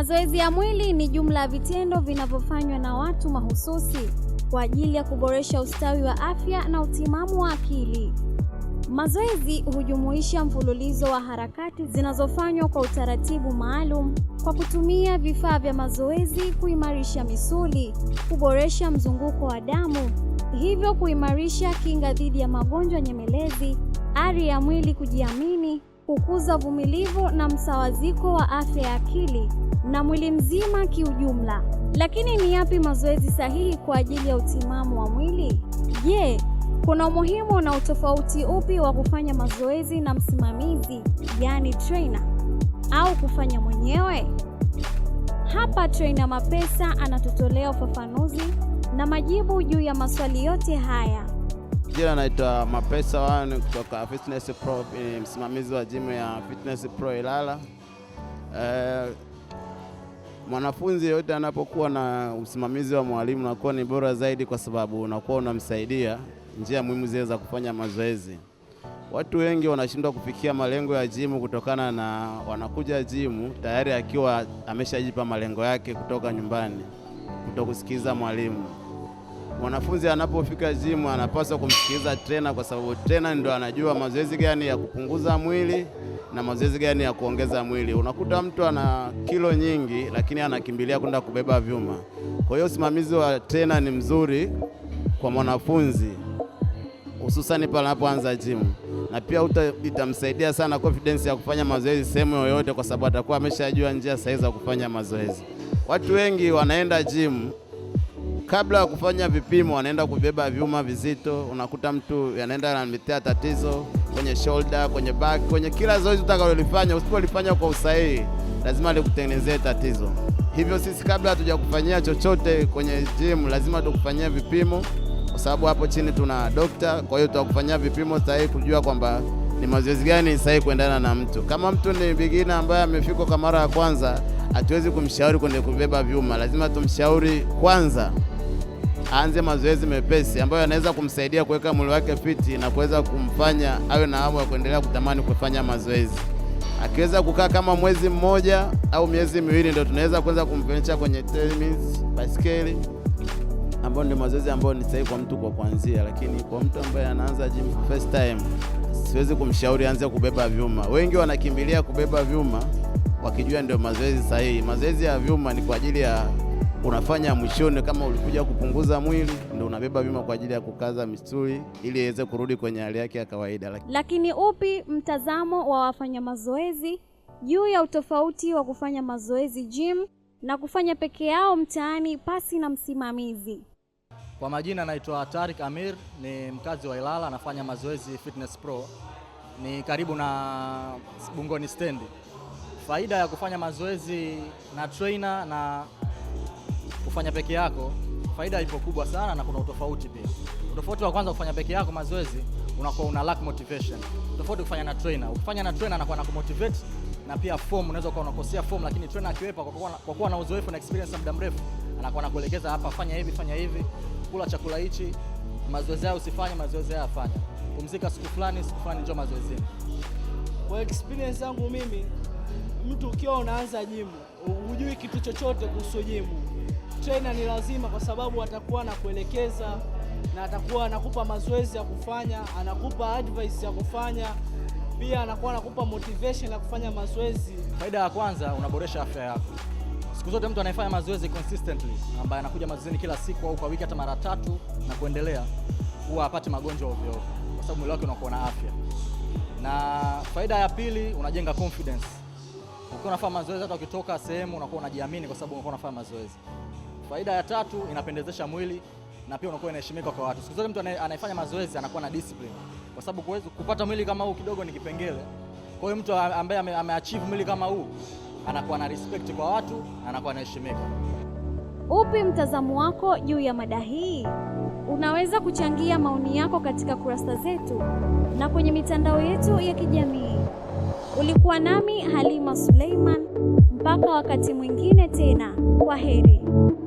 Mazoezi ya mwili ni jumla ya vitendo vinavyofanywa na watu mahususi kwa ajili ya kuboresha ustawi wa afya na utimamu wa akili. Mazoezi hujumuisha mfululizo wa harakati zinazofanywa kwa utaratibu maalum kwa kutumia vifaa vya mazoezi kuimarisha misuli, kuboresha mzunguko wa damu, hivyo kuimarisha kinga dhidi ya magonjwa nyemelezi, ari ya mwili kujiamini kukuza uvumilivu na msawaziko wa afya ya akili na mwili mzima kiujumla. Lakini ni yapi mazoezi sahihi kwa ajili ya utimamu wa mwili? Je, kuna umuhimu na utofauti upi wa kufanya mazoezi na msimamizi, yaani trainer, au kufanya mwenyewe? Hapa Trainer Mapesa anatutolea ufafanuzi na majibu juu ya maswali yote haya. Jina naitwa Mapesa Wani kutoka Fitness Pro, msimamizi wa jimu ya Fitness Pro Ilala. Eh, mwanafunzi yeyote anapokuwa na usimamizi wa mwalimu unakuwa ni bora zaidi, kwa sababu unakuwa unamsaidia njia muhimu zile za kufanya mazoezi. Watu wengi wanashindwa kufikia malengo ya jimu kutokana na wanakuja jimu tayari akiwa ameshajipa malengo yake kutoka nyumbani, kutokusikiza mwalimu. Mwanafunzi anapofika jimu anapaswa kumsikiliza trena, kwa sababu trena ndo anajua mazoezi gani ya kupunguza mwili na mazoezi gani ya kuongeza mwili. Unakuta mtu ana kilo nyingi, lakini anakimbilia kwenda kubeba vyuma. Kwa hiyo usimamizi wa trena ni mzuri kwa mwanafunzi, hususani pale anapoanza jimu na pia itamsaidia sana confidence ya kufanya mazoezi sehemu yoyote, kwa sababu atakuwa ameshajua njia sahihi za kufanya mazoezi. Watu wengi wanaenda jimu kabla ya kufanya vipimo anaenda kubeba vyuma vizito, unakuta mtu anaenda anamletea tatizo kwenye shoulder, kwenye back, kwenye kila zoezi utakalolifanya. Usipolifanya kwa usahihi, lazima likutengenezee tatizo. Hivyo sisi kabla hatujakufanyia chochote kwenye gym, lazima tukufanyia vipimo, kwa sababu hapo chini tuna dokta. Kwa hiyo tutakufanyia vipimo sahihi kujua kwamba ni mazoezi gani sahihi kuendana na mtu. Kama mtu ni bigina ambaye amefikwa kwa mara ya kwanza, hatuwezi kumshauri kwenye kubeba vyuma, lazima tumshauri kwanza aanze mazoezi mepesi ambayo yanaweza kumsaidia kuweka mwili wake fiti na kuweza kumfanya awe na hamu ya kuendelea kutamani kufanya mazoezi. Akiweza kukaa kama mwezi mmoja au miezi miwili, ndio tunaweza kuanza kumfanyisha kwenye tennis, baiskeli ambayo ndio mazoezi ambayo ni sahihi kwa mtu kwa kuanzia. Lakini kwa mtu ambaye anaanza gym first time, siwezi kumshauri aanze kubeba vyuma. Wengi wanakimbilia kubeba vyuma wakijua ndio mazoezi sahihi. Mazoezi ya vyuma ni kwa ajili ya unafanya mwishoni, kama ulikuja kupunguza mwili, ndio unabeba bima kwa ajili ya kukaza misuli ili iweze kurudi kwenye hali yake ya kawaida. Lakini upi mtazamo wa wafanya mazoezi juu ya utofauti wa kufanya mazoezi gym na kufanya peke yao mtaani pasi na msimamizi? Kwa majina naitwa Tarik Amir, ni mkazi wa Ilala, anafanya mazoezi Fitness Pro, ni karibu na Bungoni stendi. Faida ya kufanya mazoezi na trainer na kufanya peke yako faida ipo kubwa sana, na kuna utofauti pia. Utofauti wa kwanza, kufanya peke yako mazoezi unakuwa una lack motivation, tofauti kufanya na trainer. Ukifanya na trainer anakuwa anakumotivate na pia form unaweza kuwa unakosea form, lakini trainer akiwepo kwa kuwa na uzoefu na experience muda mrefu, anakuwa anakuelekeza hapa, fanya hivi, fanya hivi, kula chakula hichi, mazoezi hayo usifanye, mazoezi hayo afanya, pumzika siku fulani, siku fulani njoo mazoezi Kwa experience yangu mimi, mtu ukiwa unaanza jimu hujui kitu chochote kuhusu jimu trainer ni lazima, kwa sababu atakuwa anakuelekeza na atakuwa anakupa mazoezi ya kufanya, anakupa advice ya kufanya, pia anakuwa anakupa motivation ya kufanya mazoezi. Faida ya kwanza, unaboresha afya yako. Siku zote mtu anayefanya mazoezi consistently, ambaye anakuja mazoezini kila siku au kwa wiki hata mara tatu na kuendelea, huwa apate magonjwa ovyo ovyo, kwa sababu mwili wake unakuwa na afya. Na faida ya pili, unajenga confidence. Ukiwa unafanya mazoezi, hata ukitoka sehemu unakuwa unajiamini, kwa sababu unakuwa unafanya mazoezi. Faida ya tatu, inapendezesha mwili na pia unakuwa inaheshimika kwa watu. Siku zote mtu anayefanya mazoezi anakuwa na discipline, kwa sababu kuweza kupata mwili kama huu kidogo ni kipengele. Kwa hiyo mtu ambaye ameachieve mwili kama huu anakuwa na respect kwa watu na anakuwa anaheshimika. Upi mtazamo wako juu ya mada hii? Unaweza kuchangia maoni yako katika kurasa zetu na kwenye mitandao yetu ya kijamii. Ulikuwa nami Halima Suleiman, mpaka wakati mwingine tena, kwa heri.